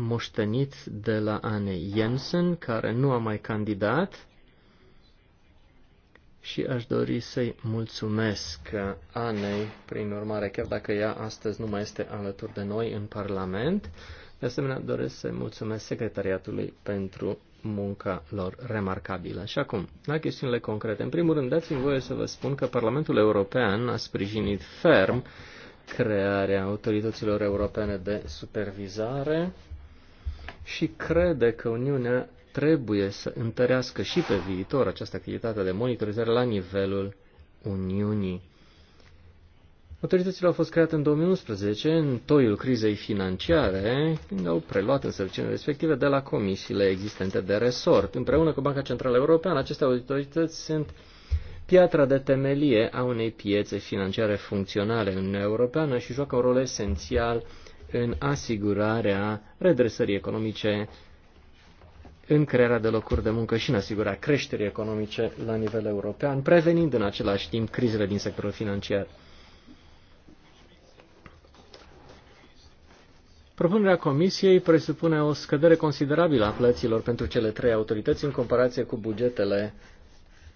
moștenit de la Anne Jensen, care nu a mai candidat și aș dori să-i mulțumesc Anei, prin urmare, chiar dacă ea astăzi nu mai este alături de noi în Parlament. De asemenea, doresc să-i mulțumesc secretariatului pentru munca lor remarcabilă. Și acum, la chestiunile concrete. În primul rând, dați-mi voie să vă spun că Parlamentul European a sprijinit ferm crearea autorităților europene de supervizare și crede că Uniunea trebuie să întărească și pe viitor această activitate de monitorizare la nivelul Uniunii. Autoritățile au fost create în 2011 în toiul crizei financiare, când au preluat însărcinile respective de la comisiile existente de resort. Împreună cu Banca Centrală Europeană, aceste autorități sunt piatra de temelie a unei piețe financiare funcționale în Uniunea Europeană și joacă un rol esențial în asigurarea redresării economice, în crearea de locuri de muncă și în asigurarea creșterii economice la nivel european, prevenind în același timp crizele din sectorul financiar. Propunerea Comisiei presupune o scădere considerabilă a plăților pentru cele trei autorități în comparație cu bugetele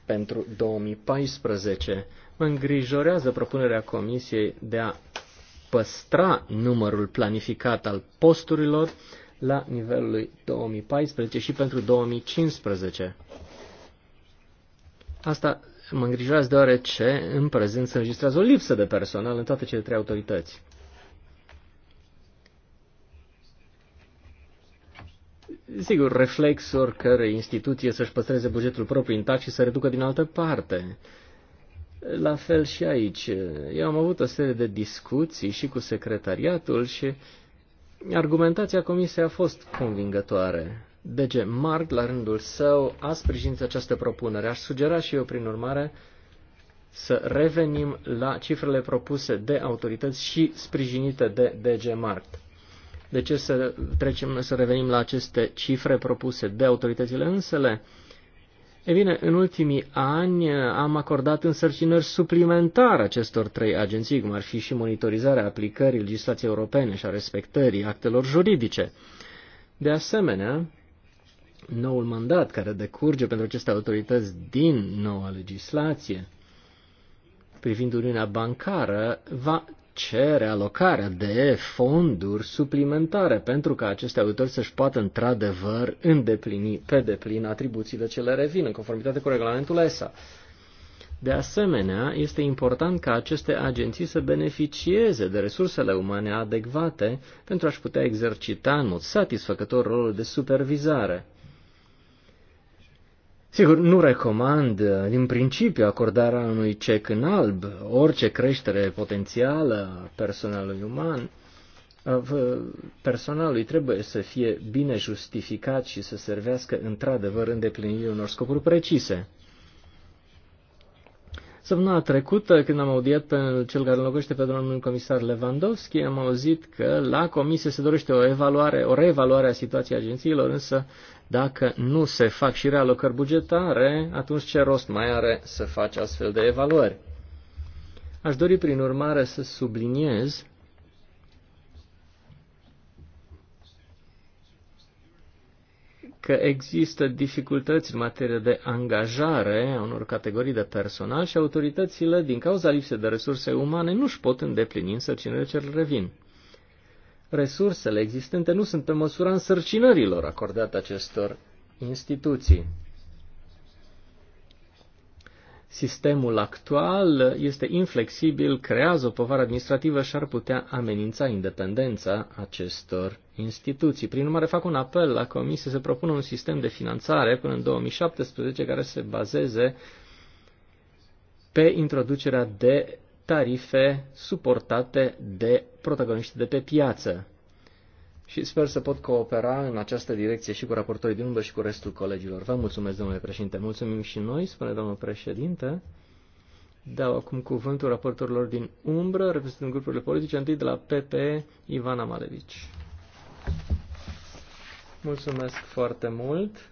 pentru 2014. Mă îngrijorează propunerea Comisiei de a păstra numărul planificat al posturilor la nivelul 2014 și pentru 2015. Asta mă îngrijează deoarece în prezent se înregistrează o lipsă de personal în toate cele trei autorități. Sigur, reflex oricărei instituție să-și păstreze bugetul propriu intact și să reducă din altă parte. Uh, la fel și aici. Eu am avut o serie de discuții și cu secretariatul și argumentația comisiei a fost convingătoare. DG Mart, la rândul său, a sprijinit această propunere. Aș sugera și eu, prin urmare, să revenim la cifrele propuse de autorități și sprijinite de DG Mart. De ce să, trecem, să revenim la aceste cifre propuse de autoritățile însele? E bine, în ultimii ani eh, am acordat însărcinări suplimentare acestor trei agenții, cum ar fi și monitorizarea aplicării legislației europene și a respectării actelor juridice. De asemenea, noul mandat care decurge pentru aceste autorități din noua legislație privind Uniunea Bancară va cere alocarea de fonduri suplimentare pentru ca aceste auditori să-și poată într-adevăr îndeplini pe deplin atribuțiile ce le revin în conformitate cu regulamentul ESA. De asemenea, este important ca aceste agenții să beneficieze de resursele umane adecvate pentru a-și putea exercita în mod satisfăcător rolul de supervizare. Sigur, nu recomand uh, din principiu acordarea unui cec în alb, orice creștere potențială a personalului uman, personalului trebuie să fie bine justificat și să servească într-adevăr îndeplinirea unor scopuri precise. Săptămâna trecută, când am audiat pe cel care înlocuiește pe domnul comisar Lewandowski, am auzit că la comisie se dorește o evaluare, o reevaluare a situației agențiilor, însă dacă nu se fac și realocări bugetare, atunci ce rost mai are să faci astfel de evaluări? Aș dori, prin urmare, să subliniez că există dificultăți în materie de angajare a unor categorii de personal și autoritățile, din cauza lipsei de resurse umane, nu își pot îndeplini însărcinările ce le revin. Resursele existente nu sunt pe măsura însărcinărilor acordate acestor instituții. Sistemul actual este inflexibil, creează o povară administrativă și ar putea amenința independența acestor instituții. Prin urmare, fac un apel la Comisie să propună un sistem de finanțare până în 2017 care se bazeze pe introducerea de tarife suportate de protagoniști de pe piață și sper să pot coopera în această direcție și cu raportorii din umbră și cu restul colegilor. Vă mulțumesc, domnule președinte. Mulțumim și noi, spune domnul președinte. Dau acum cuvântul raportorilor din umbră, reprezentând grupurile politice, întâi de la PPE, Ivana Malevici. Mulțumesc foarte mult.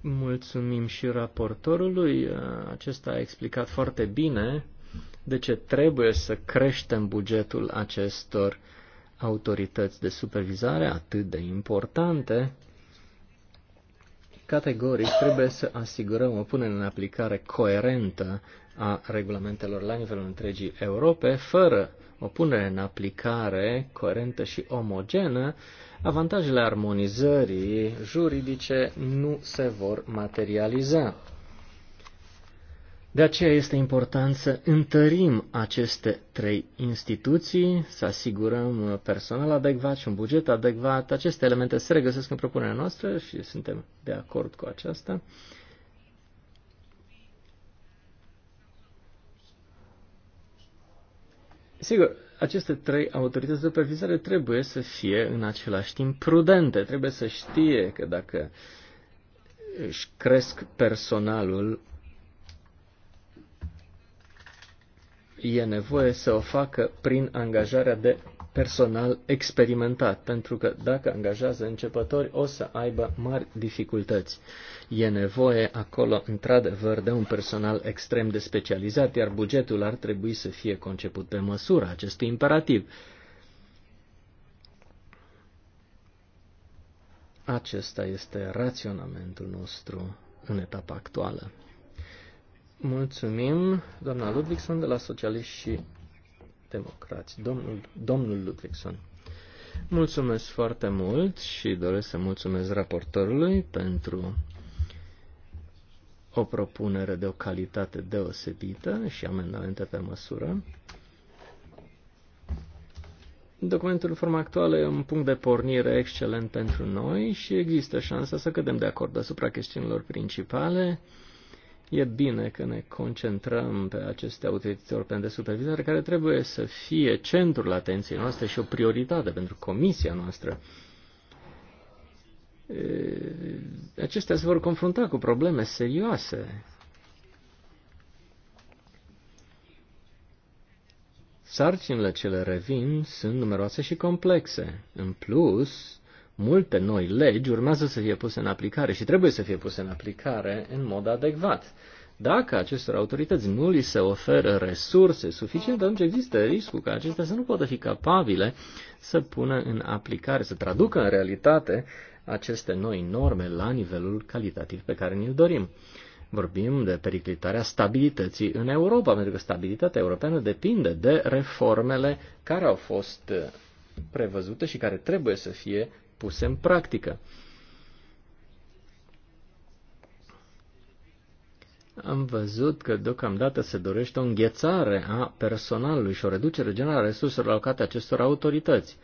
Mulțumim și raportorului. Acesta a explicat foarte bine de ce trebuie să creștem bugetul acestor autorități de supervizare atât de importante. Categoric trebuie să asigurăm o punere în aplicare coerentă a regulamentelor la nivelul întregii Europe, fără o punere în aplicare coerentă și omogenă, avantajele armonizării juridice nu se vor materializa. De aceea este important să întărim aceste trei instituții, să asigurăm personal adecvat și un buget adecvat. Aceste elemente se regăsesc în propunerea noastră și suntem de acord cu aceasta. Sigur, aceste trei autorități de supervizare trebuie să fie în același timp prudente, trebuie să știe că dacă își cresc personalul, e nevoie să o facă prin angajarea de personal experimentat, pentru că dacă angajează începători o să aibă mari dificultăți. E nevoie acolo, într-adevăr, de un personal extrem de specializat, iar bugetul ar trebui să fie conceput pe măsura acestui imperativ. Acesta este raționamentul nostru în etapa actuală. Mulțumim, doamna Ludvigson, de la Socialiști și Democrați. Domnul, domnul Ludvigson. Mulțumesc foarte mult și doresc să mulțumesc raportorului pentru o propunere de o calitate deosebită și amendamente pe măsură. Documentul în forma actuală e un punct de pornire excelent pentru noi și există șansa să cădem de acord asupra chestiunilor principale E bine că ne concentrăm pe aceste autorități europene de supervizare, care trebuie să fie centrul atenției noastre și o prioritate pentru comisia noastră. Acestea se vor confrunta cu probleme serioase. Sarcinile ce le revin sunt numeroase și complexe. În plus, multe noi legi urmează să fie puse în aplicare și trebuie să fie puse în aplicare în mod adecvat. Dacă acestor autorități nu li se oferă resurse suficiente, atunci există riscul ca acestea să nu poată fi capabile să pună în aplicare, să traducă în realitate aceste noi norme la nivelul calitativ pe care ni-l dorim. Vorbim de periclitarea stabilității în Europa, pentru că stabilitatea europeană depinde de reformele care au fost prevăzute și care trebuie să fie puse în practică. Am văzut că deocamdată se dorește o înghețare a personalului și o reducere generală a resurselor alocate acestor autorități.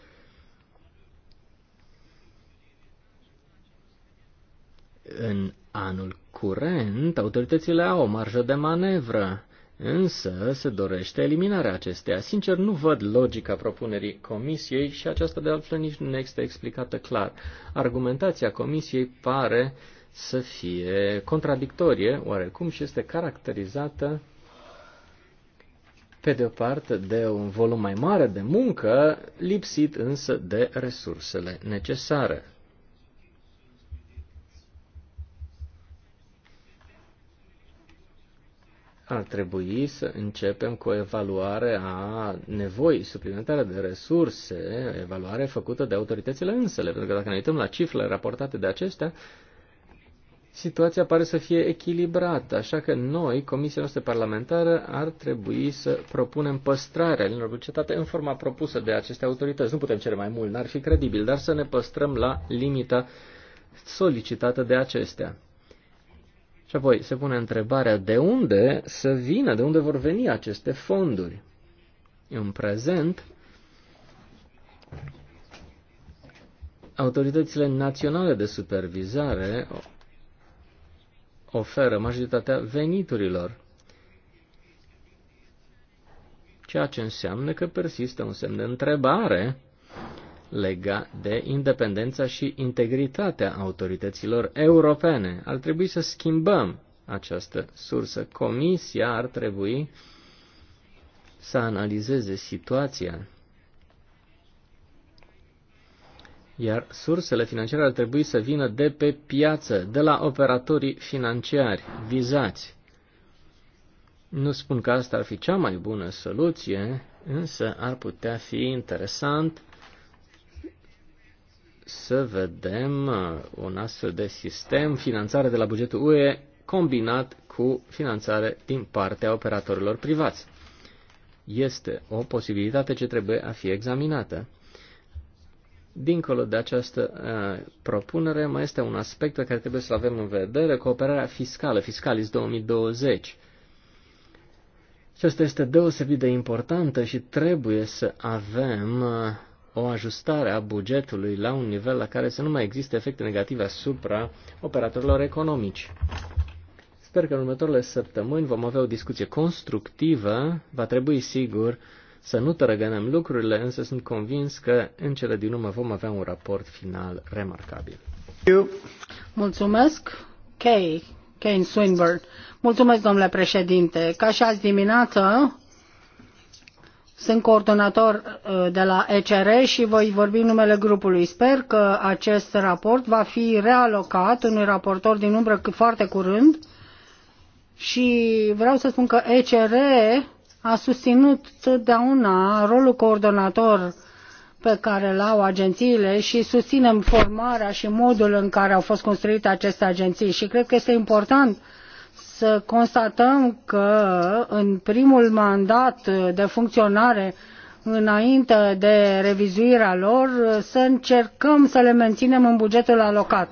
În anul curent, autoritățile au o marjă de manevră însă se dorește eliminarea acesteia. Sincer, nu văd logica propunerii comisiei și aceasta de altfel nici nu ne este explicată clar. Argumentația comisiei pare să fie contradictorie oarecum și este caracterizată pe de o parte de un volum mai mare de muncă, lipsit însă de resursele necesare. ar trebui să începem cu o evaluare a nevoii suplimentare de resurse, evaluare făcută de autoritățile însele, pentru că dacă ne uităm la cifrele raportate de acestea, situația pare să fie echilibrată, așa că noi, Comisia noastră parlamentară, ar trebui să propunem păstrarea linilor bugetate în forma propusă de aceste autorități. Nu putem cere mai mult, n-ar fi credibil, dar să ne păstrăm la limita solicitată de acestea. Și apoi se pune întrebarea de unde să vină, de unde vor veni aceste fonduri. În prezent, autoritățile naționale de supervizare oferă majoritatea veniturilor, ceea ce înseamnă că persistă un semn de întrebare lega de independența și integritatea autorităților europene. Ar trebui să schimbăm această sursă. Comisia ar trebui să analizeze situația. Iar sursele financiare ar trebui să vină de pe piață, de la operatorii financiari vizați. Nu spun că asta ar fi cea mai bună soluție, însă ar putea fi interesant să vedem uh, un astfel de sistem, finanțare de la bugetul UE combinat cu finanțare din partea operatorilor privați. Este o posibilitate ce trebuie a fi examinată. Dincolo de această uh, propunere, mai este un aspect pe care trebuie să-l avem în vedere, cooperarea fiscală, Fiscalis 2020. Aceasta este deosebit de importantă și trebuie să avem uh, o ajustare a bugetului la un nivel la care să nu mai existe efecte negative asupra operatorilor economici. Sper că în următoarele săptămâni vom avea o discuție constructivă. Va trebui, sigur, să nu tărăgănăm lucrurile, însă sunt convins că în cele din urmă vom avea un raport final remarcabil. Mulțumesc, Kay, Kane Swinburne. Mulțumesc, domnule președinte. Ca și azi dimineață, sunt coordonator uh, de la ECR și voi vorbi în numele grupului. Sper că acest raport va fi realocat unui raportor din umbră foarte curând și vreau să spun că ECR a susținut totdeauna rolul coordonator pe care îl au agențiile și susținem formarea și modul în care au fost construite aceste agenții și cred că este important uh, să constatăm că în primul mandat de funcționare înainte de revizuirea lor să încercăm să le menținem în bugetul alocat.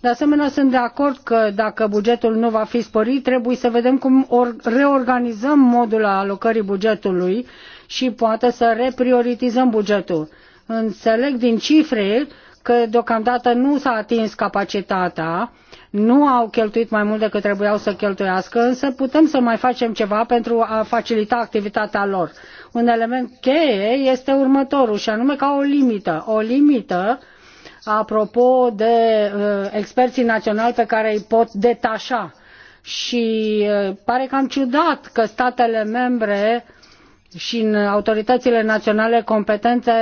De asemenea, sunt de acord că dacă bugetul nu va fi sporit, trebuie să vedem cum reorganizăm modul alocării bugetului și poate să reprioritizăm bugetul. Înțeleg din cifre că deocamdată nu s-a atins capacitatea uh, nu au cheltuit mai mult decât trebuiau să cheltuiască, însă putem să mai facem ceva pentru a facilita activitatea lor. Un element cheie este următorul, și anume ca o limită. O limită apropo de uh, experții naționali pe care îi pot detașa. Și uh, pare cam ciudat că statele membre uh, și în autoritățile naționale competente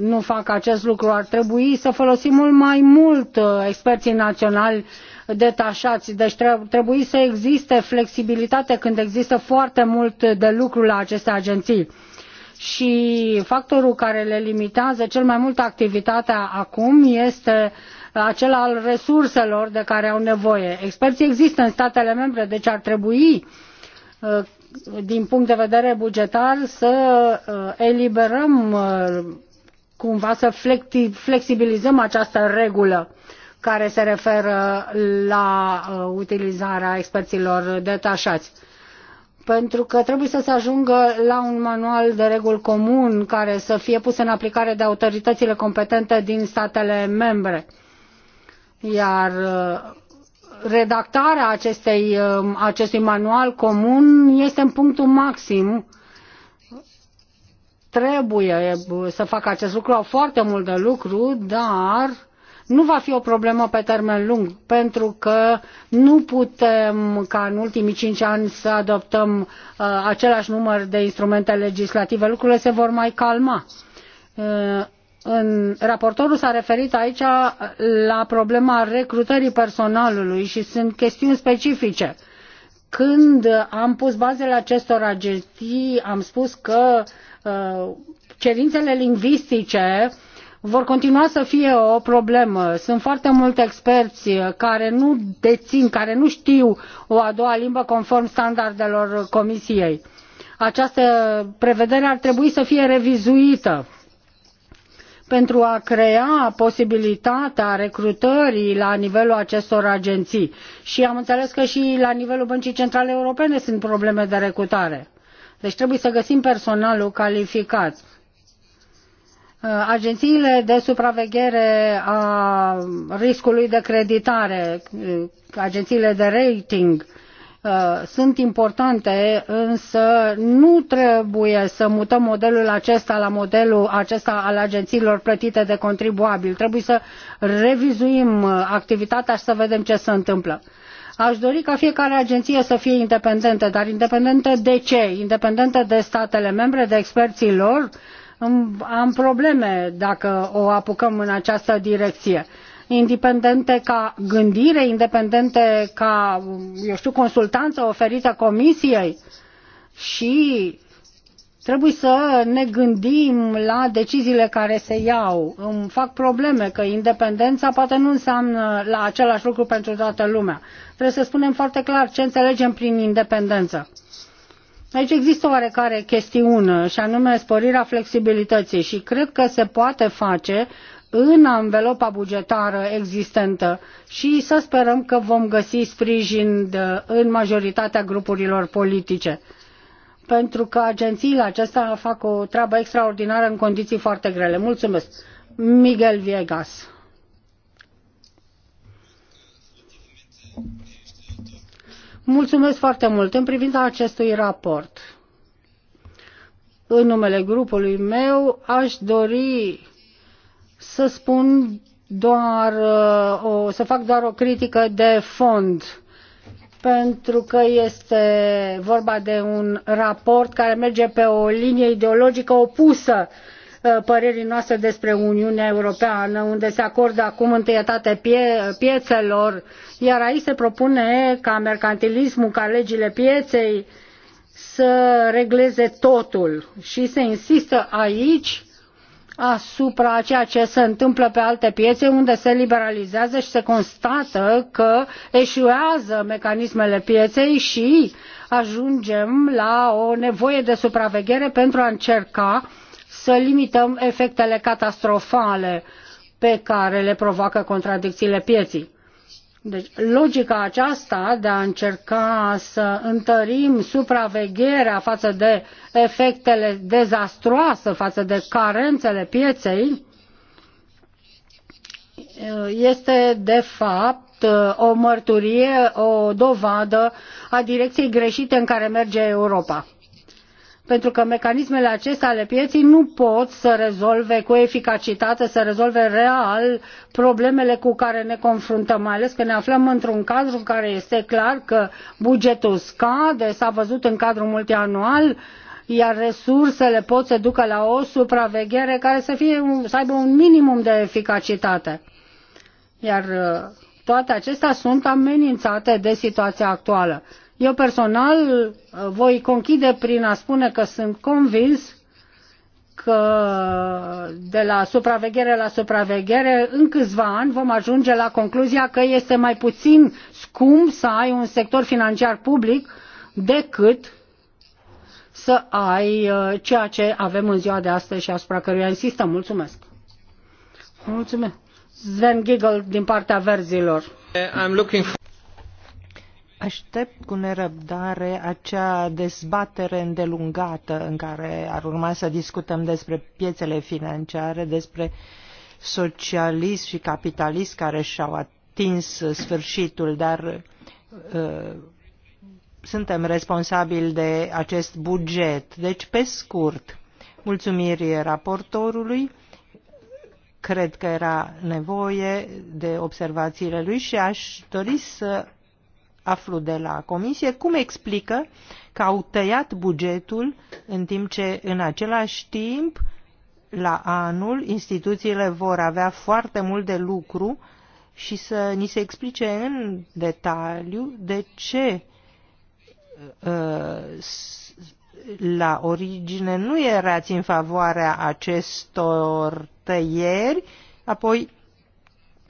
nu fac acest lucru. Ar trebui să folosim mult mai mult uh, experții naționali detașați. Deci trebuie să existe flexibilitate când există foarte mult de lucru la aceste agenții. Și factorul care le limitează cel mai mult activitatea acum este acela al resurselor de care au nevoie. Experții există în statele membre, deci ar trebui uh, din punct de vedere bugetar să uh, eliberăm uh, cumva să flexibilizăm această regulă care se referă la uh, utilizarea experților detașați. Pentru că trebuie să se ajungă la un manual de reguli comun care să fie pus în aplicare de autoritățile competente din statele membre. Iar redactarea acestei, um, acestui manual comun este în punctul maxim. Trebuie uh, să facă acest lucru, au foarte mult de lucru, dar nu va fi o problemă pe termen lung, pentru că nu putem ca în ultimii cinci ani să adoptăm uh, același număr de instrumente legislative. Lucrurile se vor mai calma. Uh, raportorul s-a referit aici la problema recrutării personalului și sunt chestiuni specifice. Când am pus bazele acestor agenții, am spus că uh, cerințele lingvistice vor continua să fie o problemă. Sunt foarte mulți experți care nu dețin, care nu știu o a doua limbă conform standardelor Comisiei. Această prevedere ar trebui să fie revizuită pentru a crea posibilitatea recrutării la nivelul acestor agenții. Și am înțeles că și la nivelul Băncii Centrale Europene sunt probleme de recrutare. Deci trebuie să găsim personalul calificat. Agențiile de supraveghere a riscului de creditare, agențiile de rating, Uh, sunt importante, însă nu trebuie să mutăm modelul acesta la modelul acesta al agențiilor plătite de contribuabil. Trebuie să revizuim uh, activitatea și să vedem ce se întâmplă. Aș dori ca fiecare agenție să fie independentă, dar independentă de ce? Independentă de statele membre, de experții lor? Am probleme dacă o apucăm în această direcție independente ca gândire, independente ca, eu știu, consultanță oferită comisiei și trebuie să ne gândim la deciziile care se iau. Îmi fac probleme că independența poate nu înseamnă la același lucru pentru toată lumea. Trebuie să spunem foarte clar ce înțelegem prin independență. Aici există oarecare chestiune și anume sporirea flexibilității și cred că se poate face în anvelopa bugetară existentă și să sperăm că vom găsi sprijin de, în majoritatea grupurilor politice. Pentru că agențiile acestea fac o treabă extraordinară în condiții foarte grele. Mulțumesc. Miguel Viegas. Mulțumesc foarte mult. În privința acestui raport, în numele grupului meu, aș dori să spun doar uh, o, să fac doar o critică de fond pentru că este vorba de un raport care merge pe o linie ideologică opusă uh, părerii noastre despre Uniunea Europeană, unde se acordă acum întâietate pie- piețelor, iar aici se propune ca mercantilismul, ca legile pieței să regleze totul și se insistă aici asupra a ceea ce se întâmplă pe alte piețe unde se liberalizează și se constată că eșuează mecanismele pieței și ajungem la o nevoie de supraveghere pentru a încerca să limităm efectele catastrofale pe care le provoacă contradicțiile pieței deci, logica aceasta de a încerca să întărim supravegherea față de efectele dezastroase, față de carențele pieței, este de fapt o mărturie, o dovadă a direcției greșite în care merge Europa pentru că mecanismele acestea ale pieței nu pot să rezolve cu eficacitate, să rezolve real problemele cu care ne confruntăm, mai ales că ne aflăm într-un cadru în care este clar că bugetul scade, s-a văzut în cadrul multianual, iar resursele pot să ducă la o supraveghere care să, fie, să aibă un minimum de eficacitate. Iar uh, toate acestea sunt amenințate de situația actuală. Eu personal uh, voi conchide prin a spune că sunt convins că de la supraveghere la supraveghere, în câțiva ani vom ajunge la concluzia că este mai puțin scump să ai un sector financiar public decât să ai uh, ceea ce avem în ziua de astăzi și asupra căruia insistă Mulțumesc! Mulțumesc! Sven Giggle din partea verzilor. I'm looking for... Aștept cu nerăbdare acea dezbatere îndelungată în care ar urma să discutăm despre piețele financiare, despre socialist și capitalist care și-au atins sfârșitul, dar uh, suntem responsabili de acest buget. Deci, pe scurt, mulțumiri raportorului cred că era nevoie de observațiile lui și aș dori să aflu de la Comisie cum explică că au tăiat bugetul în timp ce în același timp la anul instituțiile vor avea foarte mult de lucru și să ni se explice în detaliu de ce uh, la origine nu erați în favoarea acestor tăieri, apoi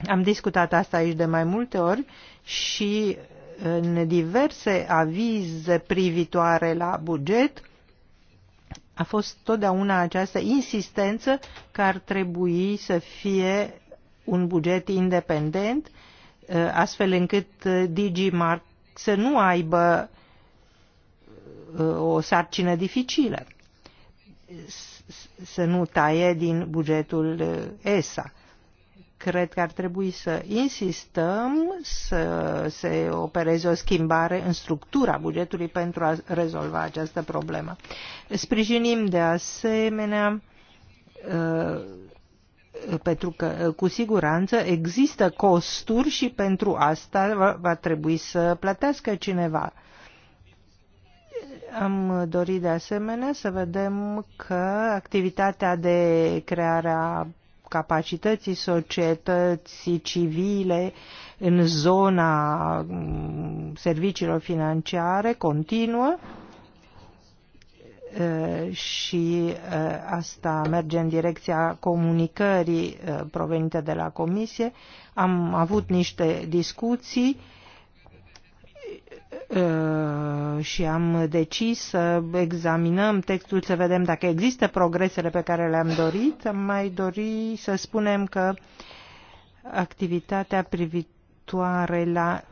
am discutat asta aici de mai multe ori și în diverse avize privitoare la buget a fost totdeauna această insistență că ar trebui să fie un buget independent, ă, astfel încât ă, DigiMark să nu aibă ă, o sarcină dificilă, să nu taie din bugetul ESA cred că ar trebui să insistăm să se opereze o schimbare în structura bugetului pentru a rezolva această problemă. Sprijinim de asemenea uh, pentru că uh, cu siguranță există costuri și pentru asta va trebui să plătească cineva. Am dorit de asemenea să vedem că activitatea de creare a capacității societății civile în zona mm, serviciilor financiare continuă și asta merge în direcția comunicării provenite de la Comisie. Am avut niște discuții Uh, și am decis să examinăm textul, să vedem dacă există progresele pe care le-am dorit. Am mai dori să spunem că activitatea privitoare la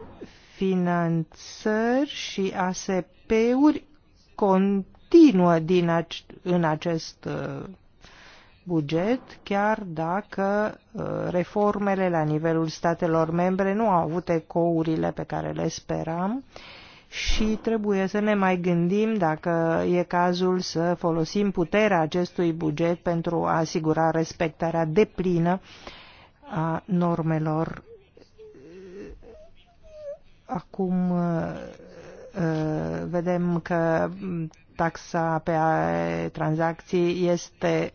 finanțări și ASP-uri continuă din ac- în acest uh, buget, chiar dacă uh, reformele la nivelul statelor membre nu au avut ecourile pe care le speram și trebuie să ne mai gândim dacă e cazul să folosim puterea acestui buget pentru a asigura respectarea deplină a normelor. Acum uh, uh, vedem că taxa pe tranzacții este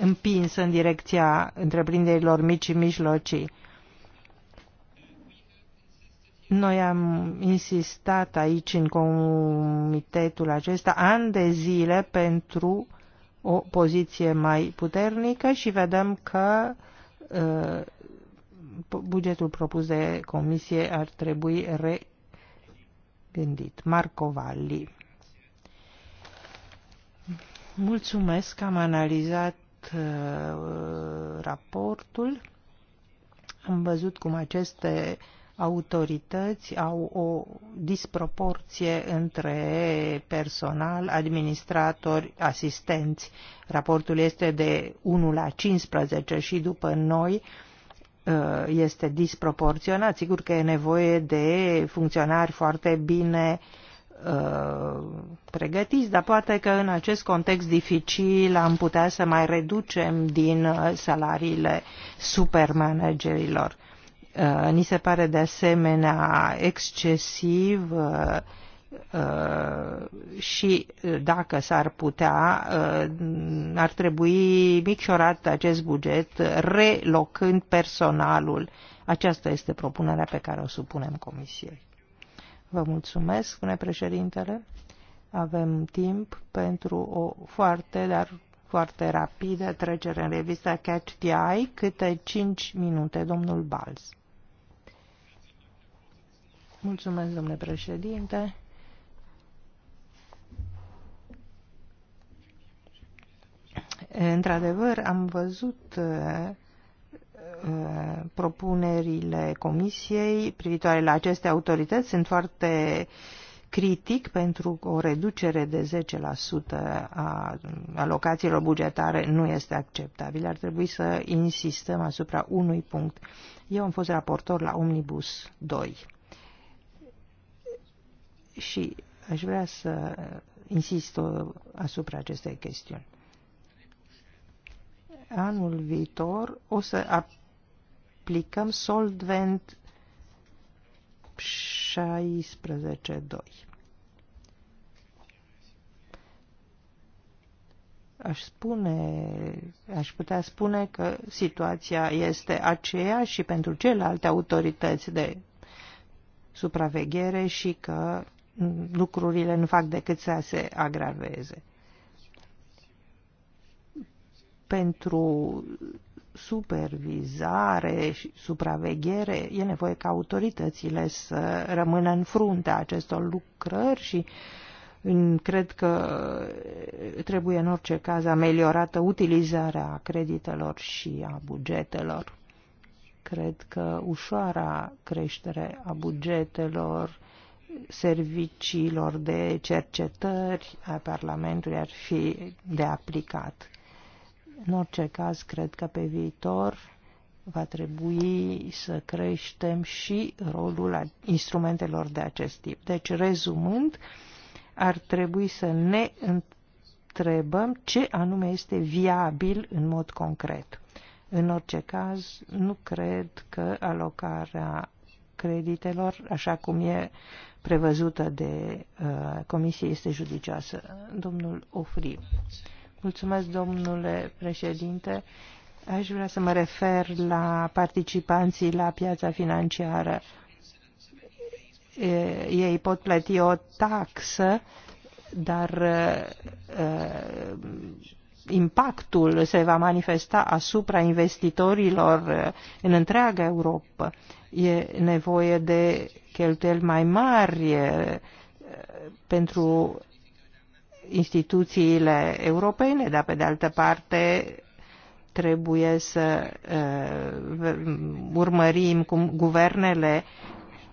împins în direcția întreprinderilor mici și mijlocii. Noi am insistat aici în comitetul acesta ani de zile pentru o poziție mai puternică și vedem că uh, bugetul propus de comisie ar trebui regândit. Marco Valli. Mulțumesc, am analizat uh, raportul, am văzut cum aceste autorități au o disproporție între personal, administratori, asistenți. Raportul este de 1 la 15 și după noi uh, este disproporționat. Sigur că e nevoie de funcționari foarte bine Uh, pregătiți, dar poate că în acest context dificil am putea să mai reducem din uh, salariile supermanagerilor. Uh, ni se pare de asemenea excesiv și dacă s-ar putea, ar trebui micșorat acest buget, relocând personalul. Aceasta este propunerea pe care o supunem Comisiei. Vă mulțumesc, spune președintele. Avem timp pentru o foarte, dar foarte rapidă trecere în revista Catch the Eye, câte 5 minute, domnul Balz. Mulțumesc, domnule președinte. Într-adevăr, am văzut Uh, propunerile comisiei privitoare la aceste autorități sunt foarte critic pentru o reducere de 10% a alocațiilor bugetare nu este acceptabil. Ar trebui să insistăm asupra unui punct. Eu am fost raportor la Omnibus 2 și aș vrea să insist asupra acestei chestiuni. Anul viitor o să aplicăm solvent 16.2. Aș spune, aș putea spune că situația este aceea și pentru celelalte autorități de supraveghere și că lucrurile nu fac decât să se agraveze. Pentru supervizare și supraveghere, e nevoie ca autoritățile să rămână în fruntea acestor lucrări și cred că trebuie în orice caz ameliorată utilizarea creditelor și a bugetelor. Cred că ușoara creștere a bugetelor serviciilor de cercetări a Parlamentului ar fi de aplicat în orice caz, cred că pe viitor va trebui să creștem și rolul instrumentelor de acest tip. Deci, rezumând, ar trebui să ne întrebăm ce anume este viabil în mod concret. În orice caz, nu cred că alocarea creditelor, așa cum e prevăzută de uh, comisie, este judicioasă. Domnul Ofri. Mulțumesc, domnule președinte. Aș vrea să mă refer la participanții la piața financiară. Ei pot plăti o taxă, dar impactul se va manifesta asupra investitorilor în întreaga Europa. E nevoie de cheltuieli mai mari pentru instituțiile europene, dar pe de altă parte trebuie să uh, urmărim cum guvernele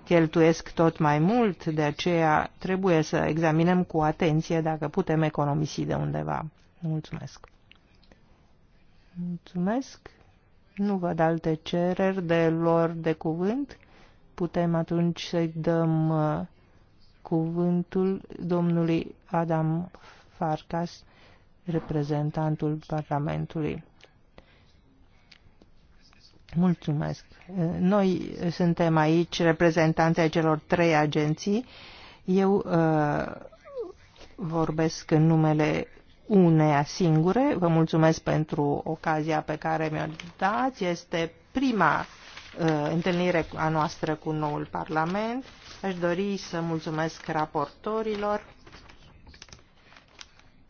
cheltuiesc tot mai mult, de aceea trebuie să examinăm cu atenție dacă putem economisi de undeva. Mulțumesc. Mulțumesc. Nu văd alte cereri de lor de cuvânt. Putem atunci să-i dăm uh, cuvântul domnului Adam Farkas, reprezentantul Parlamentului. Mulțumesc. Noi suntem aici reprezentanții celor trei agenții. Eu uh, vorbesc în numele uneia singure. Vă mulțumesc pentru ocazia pe care mi-o dați. Este prima uh, întâlnire a noastră cu noul Parlament. Aș dori să mulțumesc raportorilor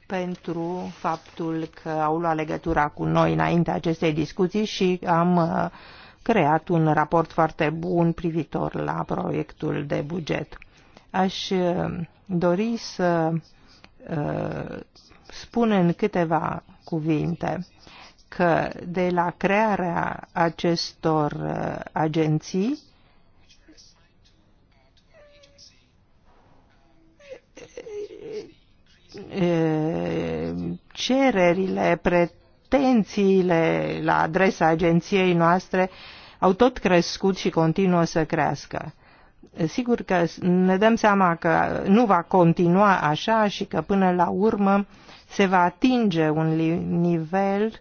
pentru faptul că au luat legătura cu noi înainte acestei discuții și am uh, creat un raport foarte bun privitor la proiectul de buget. Aș uh, dori să uh, spun în câteva cuvinte că de la crearea acestor agenții cererile, pretențiile la adresa agenției noastre au tot crescut și continuă să crească. Sigur că ne dăm seama că nu va continua așa și că până la urmă se va atinge un nivel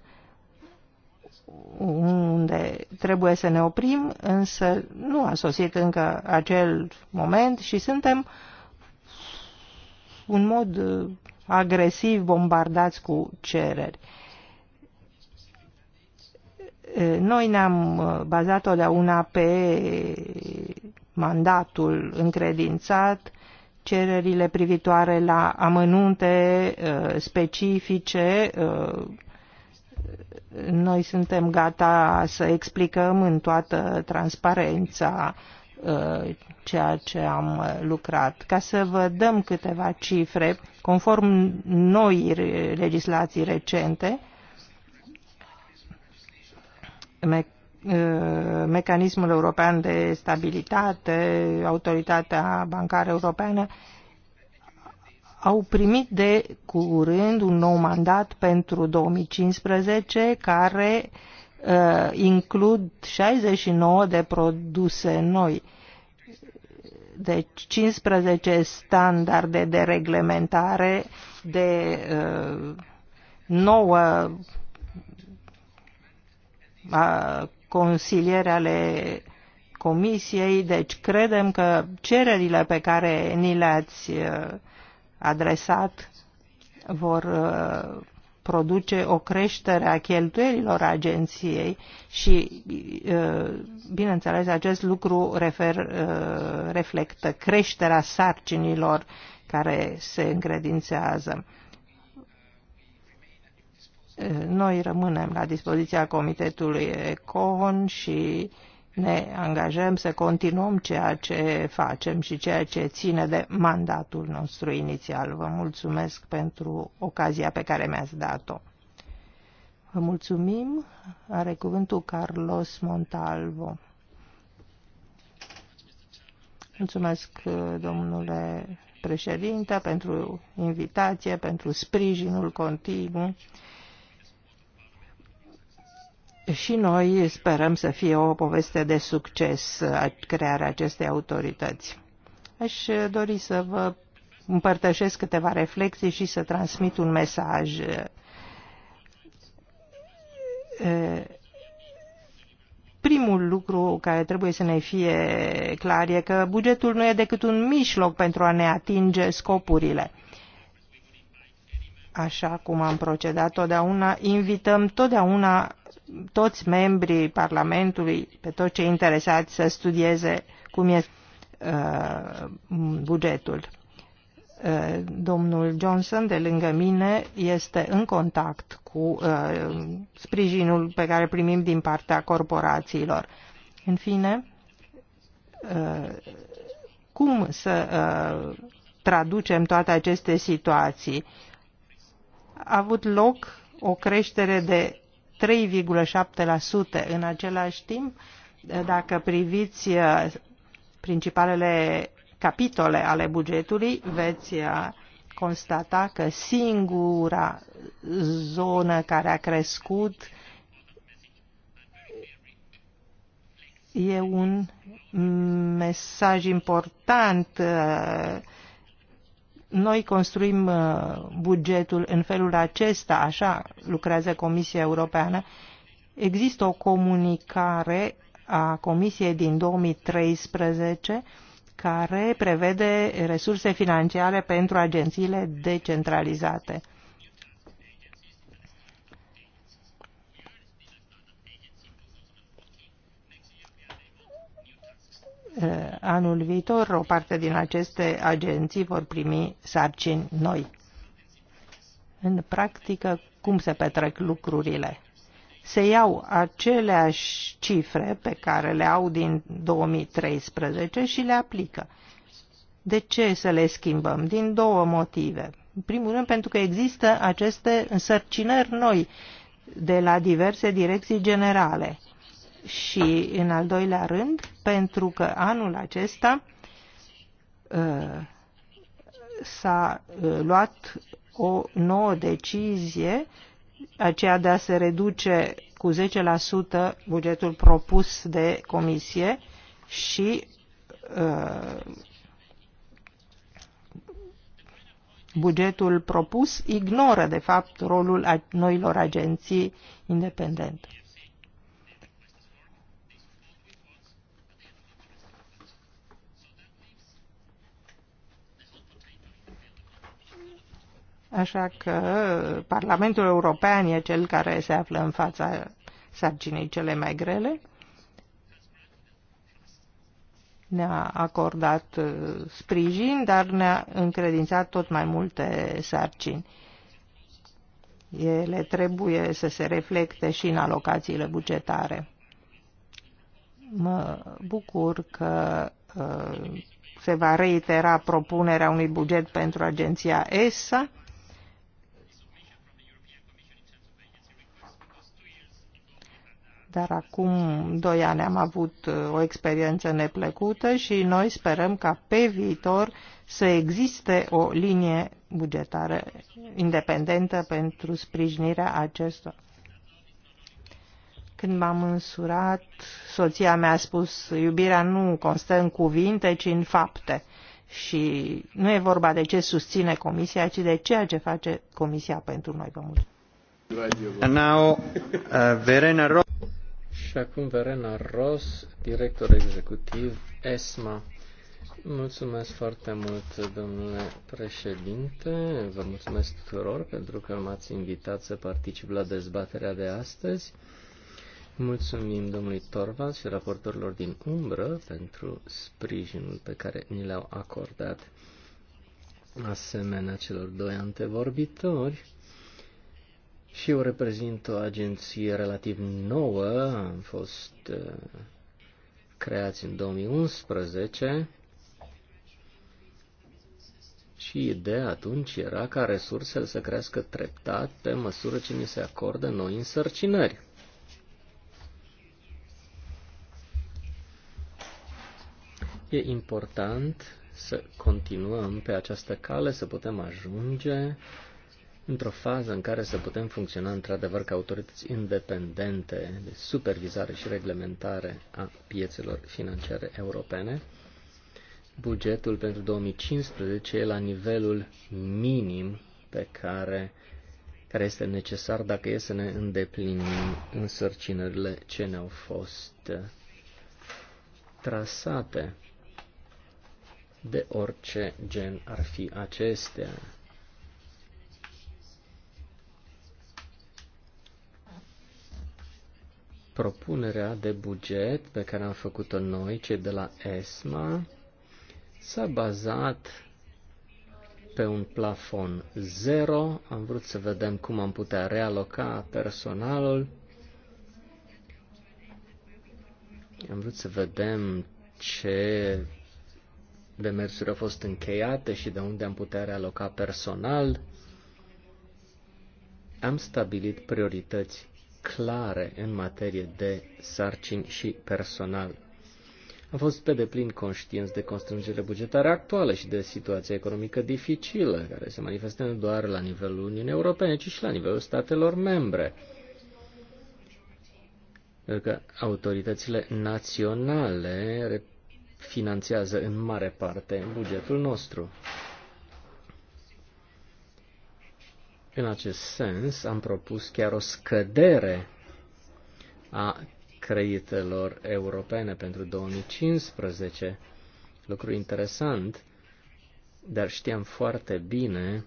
unde trebuie să ne oprim, însă nu a sosit încă acel moment și suntem uh, în mod uh, agresiv bombardați cu cereri. Uh, noi ne-am uh, bazat totdeauna pe mandatul încredințat, cererile privitoare la amănunte specifice. Noi suntem gata să explicăm în toată transparența Uh, ceea ce am uh, lucrat. Ca să vă dăm câteva cifre, conform noi legislații recente, me uh, mecanismul european de stabilitate, autoritatea bancară europeană, au primit de curând un nou mandat pentru 2015 care uh, uh, includ 69 de produse noi, de deci, 15 standarde de reglementare, de uh, 9 uh, consiliere ale Comisiei, deci credem că cererile pe care ni le-ați uh, adresat vor uh, produce o creștere a cheltuielilor agenției și, bineînțeles, acest lucru refer, reflectă creșterea sarcinilor care se încredințează. Noi rămânem la dispoziția Comitetului Econ și uh, ne angajăm să continuăm ceea ce facem și ceea ce ține de mandatul nostru inițial. Vă mulțumesc pentru ocazia pe care mi-ați dat-o. Vă mulțumim. Are cuvântul Carlos Montalvo. Mulțumesc, domnule președinte, pentru invitație, pentru sprijinul continuu și noi sperăm să fie o poveste de succes crearea acestei autorități. Aș dori să vă împărtășesc câteva reflexii și să transmit un mesaj. Primul lucru care trebuie să ne fie clar e că bugetul nu e decât un mijloc pentru a ne atinge scopurile așa cum am procedat totdeauna, invităm totdeauna toți membrii Parlamentului, pe toți cei interesați să studieze cum este uh, bugetul. Uh, domnul Johnson, de lângă mine, este în contact cu uh, sprijinul pe care primim din partea corporațiilor. În fine, uh, cum să uh, traducem toate aceste situații? A avut loc o creștere de 3,7%. În același timp, dacă priviți uh, principalele capitole ale bugetului, veți uh, constata că singura zonă care a crescut e un mesaj important uh, noi construim uh, bugetul în felul acesta, așa lucrează Comisia Europeană. Există o comunicare a Comisiei din 2013 care prevede resurse financiare pentru agențiile decentralizate. Eh, anul viitor o parte din aceste agenții vor primi sarcini noi. În practică, cum se petrec lucrurile? Se iau aceleași cifre pe care le au din 2013 și le aplică. De ce să le schimbăm? Din două motive. În primul rând, pentru că există aceste însărcinări noi de la diverse direcții generale – și în al doilea rând pentru că anul acesta uh, s-a uh, luat o nouă decizie, aceea de a se reduce cu 10% bugetul propus de comisie și uh, bugetul propus ignoră, de fapt, rolul noilor agenții independente. Așa că Parlamentul European e cel care se află în fața sarcinii cele mai grele. Ne-a acordat uh, sprijin, dar ne-a încredințat tot mai multe sarcini. Ele trebuie să se reflecte și în alocațiile bugetare. Mă bucur că uh, se va reitera propunerea unui buget pentru agenția ESA Dar acum doi ani am avut uh, o experiență neplăcută și noi sperăm ca pe viitor să existe o linie bugetară independentă pentru sprijinirea acestor. Când m-am însurat, soția mea a spus, iubirea nu constă în cuvinte, ci în fapte. Și nu e vorba de ce susține Comisia, ci de ceea ce face Comisia pentru noi. Vă mulțumesc. And now, uh, Verena Ro- și acum Verena Ros, director executiv ESMA. Mulțumesc foarte mult, domnule președinte. Vă mulțumesc tuturor pentru că m-ați invitat să particip la dezbaterea de astăzi. Mulțumim domnului Torvald și raportorilor din umbră pentru sprijinul pe care ni l-au acordat asemenea celor doi antevorbitori. Și eu reprezint o agenție relativ nouă, am fost uh, creați în 2011 și ideea atunci era ca resursele să crească treptat pe măsură ce ni se acordă noi însărcinări. E important să continuăm pe această cale, să putem ajunge într-o fază în care să putem funcționa într-adevăr ca autorități independente de supervizare și reglementare a piețelor financiare europene. Bugetul pentru 2015 e la nivelul minim pe care, care este necesar dacă e să ne îndeplinim însărcinările ce ne-au fost uh, trasate de orice gen ar fi acestea propunerea de buget pe care am făcut-o noi, cei de la ESMA, s-a bazat pe un plafon zero. Am vrut să vedem cum am putea realoca personalul. Am vrut să vedem ce demersuri au fost încheiate și de unde am putea realoca personal. Am stabilit priorități clare în materie de sarcini și personal. Am fost pe deplin conștienți de constrângerile bugetare actuale și de situația economică dificilă, care se manifestă nu doar la nivelul Uniunii Europene, ci și la nivelul statelor membre. Pentru că autoritățile naționale finanțează în mare parte bugetul nostru. În acest sens, am propus chiar o scădere a creditelor europene pentru 2015. Lucru interesant, dar știam foarte bine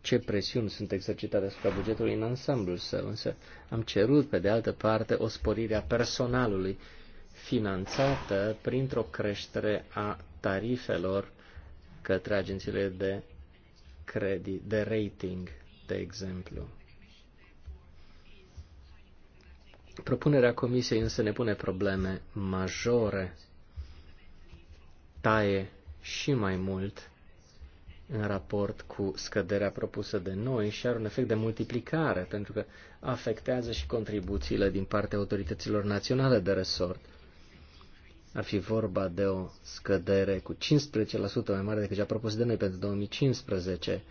ce presiuni sunt exercitate asupra bugetului în ansamblul său, însă am cerut, pe de altă parte, o sporire a personalului finanțată printr-o creștere a tarifelor către agențiile de credit, de rating de exemplu. Propunerea comisiei însă ne pune probleme majore, taie și mai mult în raport cu scăderea propusă de noi și are un efect de multiplicare, pentru că afectează și contribuțiile din partea autorităților naționale de resort. Ar fi vorba de o scădere cu 15% mai mare decât cea propusă de noi pentru 2015,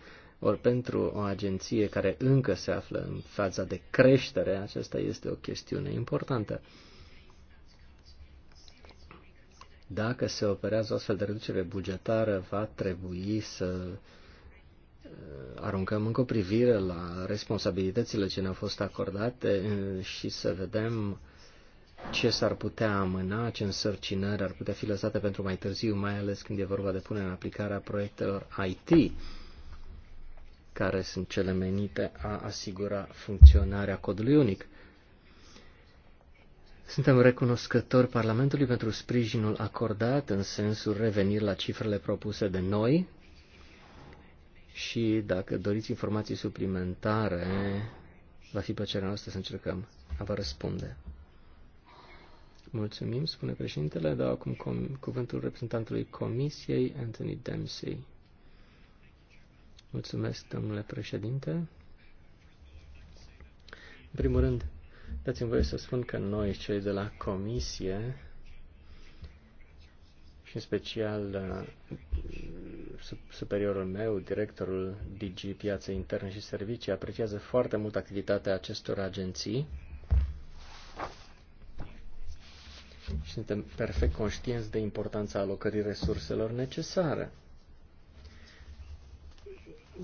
ori pentru o agenție care încă se află în faza de creștere, aceasta este o chestiune importantă. Dacă se operează o astfel de reducere bugetară, va trebui să uh, aruncăm încă o privire la responsabilitățile ce ne-au fost acordate uh, și să vedem ce s-ar putea amâna, ce însărcinări ar putea fi lăsate pentru mai târziu, mai ales când e vorba de punerea în aplicare a proiectelor IT care sunt cele menite a asigura funcționarea codului unic. Suntem recunoscători Parlamentului pentru sprijinul acordat în sensul revenir la cifrele propuse de noi și dacă doriți informații suplimentare, va fi plăcerea noastră să încercăm a vă răspunde. Mulțumim, spune președintele, dau acum cuvântul reprezentantului Comisiei, Anthony Dempsey. Mulțumesc, domnule președinte. În primul rând, dați-mi voie să spun că noi, cei de la Comisie, și în special uh, superiorul meu, directorul DG Piață Internă și Servicii, apreciază foarte mult activitatea acestor agenții și suntem perfect conștienți de importanța alocării resurselor necesare.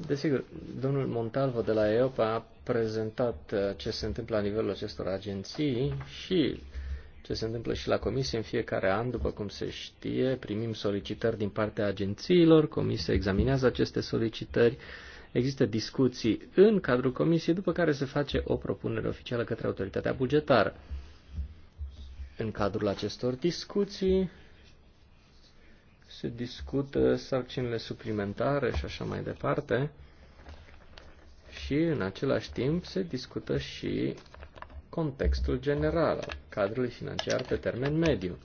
Desigur, domnul Montalvo de la EOPA a prezentat uh, ce se întâmplă la nivelul acestor agenții și ce se întâmplă și la comisie în fiecare an, după cum se știe, primim solicitări din partea agențiilor, comisia examinează aceste solicitări, există discuții în cadrul comisiei, după care se face o propunere oficială către autoritatea bugetară. În cadrul acestor discuții se discută sarcinile suplimentare și așa mai departe. Și în același timp se discută și contextul general al cadrului financiar pe termen mediu.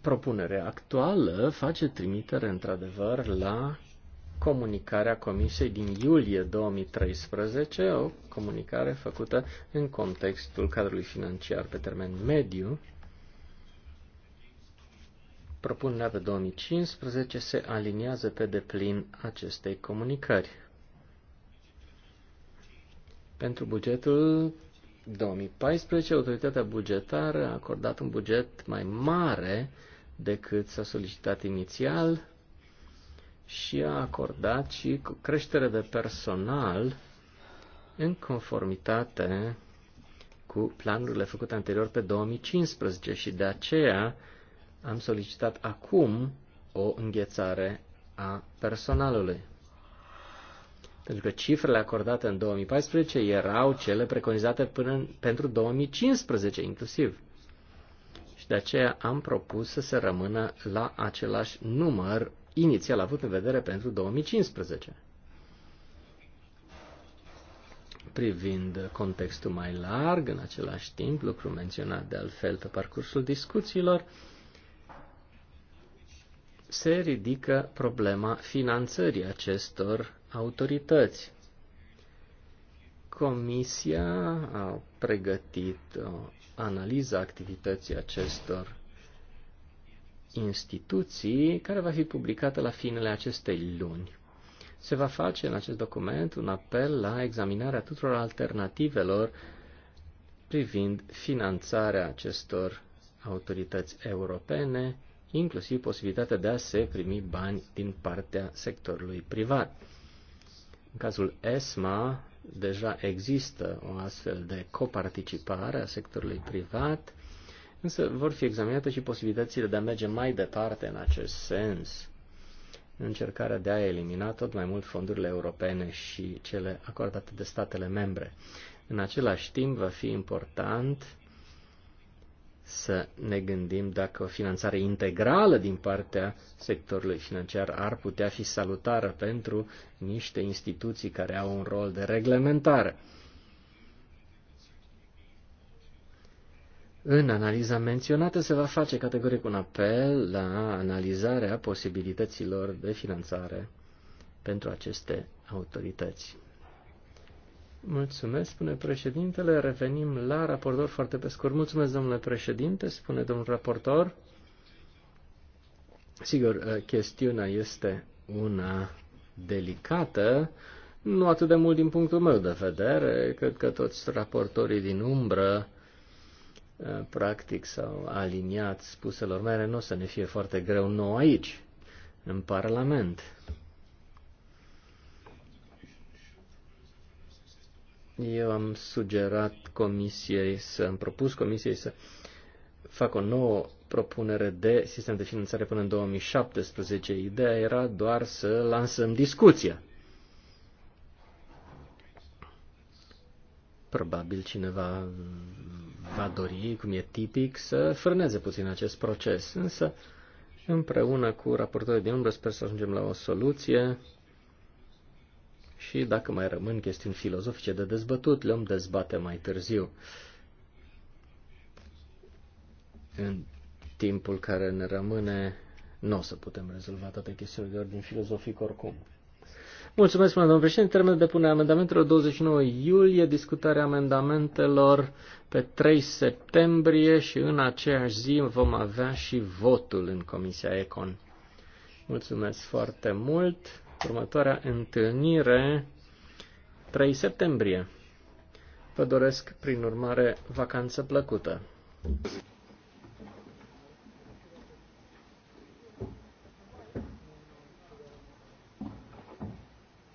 Propunerea actuală face trimitere într-adevăr la comunicarea Comisiei din iulie 2013, o comunicare făcută în contextul cadrului financiar pe termen mediu. Propunerea pe 2015 se aliniază pe deplin acestei comunicări. Pentru bugetul 2014, autoritatea bugetară a acordat un buget mai mare decât s-a solicitat inițial, și a acordat și creștere de personal în conformitate cu planurile făcute anterior pe 2015 și de aceea am solicitat acum o înghețare a personalului. Pentru că cifrele acordate în 2014 erau cele preconizate până în, pentru 2015 inclusiv. Și de aceea am propus să se rămână la același număr inițial avut în vedere pentru 2015. Privind contextul mai larg, în același timp, lucru menționat de altfel pe parcursul discuțiilor, se ridică problema finanțării acestor autorități. Comisia a pregătit o analiză activității acestor instituții, care va fi publicată la finele acestei luni. Se va face în acest document un apel la examinarea tuturor alternativelor privind finanțarea acestor autorități europene, inclusiv posibilitatea de a se primi bani din partea sectorului privat. În cazul ESMA, deja există o astfel de coparticipare a sectorului privat Însă vor fi examinate și posibilitățile de a merge mai departe în acest sens, în încercarea de a elimina tot mai mult fondurile europene și cele acordate de statele membre. În același timp, va fi important să ne gândim dacă o finanțare integrală din partea sectorului financiar ar putea fi salutară pentru niște instituții care au un rol de reglementare. În analiza menționată se va face categoric un apel la analizarea posibilităților de finanțare pentru aceste autorități. Mulțumesc, spune președintele. Revenim la raportor foarte pe scurt. Mulțumesc, domnule președinte, spune domnul raportor. Sigur, eh, chestiunea este una delicată, nu atât de mult din punctul meu de vedere, cred că toți raportorii din umbră Uh, practic sau aliniat spuselor mele, nu o să ne fie foarte greu nou aici, în Parlament. Eu am sugerat comisiei să, am propus comisiei să fac o nouă propunere de sistem de finanțare până în 2017. Ideea era doar să lansăm discuția. Probabil cineva va dori, cum e tipic, să frâneze puțin acest proces. Însă, împreună cu raportorii de umbră, sper să ajungem la o soluție și, dacă mai rămân chestiuni filozofice de dezbătut, le-om dezbate mai târziu. În timpul care ne rămâne, nu o să putem rezolva toate chestiunile de ordin filozofic oricum. Mulțumesc, domnul președinte. Termenul de punere amendamentelor 29 iulie, discutarea amendamentelor pe 3 septembrie și în aceeași zi vom avea și votul în Comisia Econ. Mulțumesc foarte mult. Următoarea întâlnire 3 septembrie. Vă doresc, prin urmare, vacanță plăcută.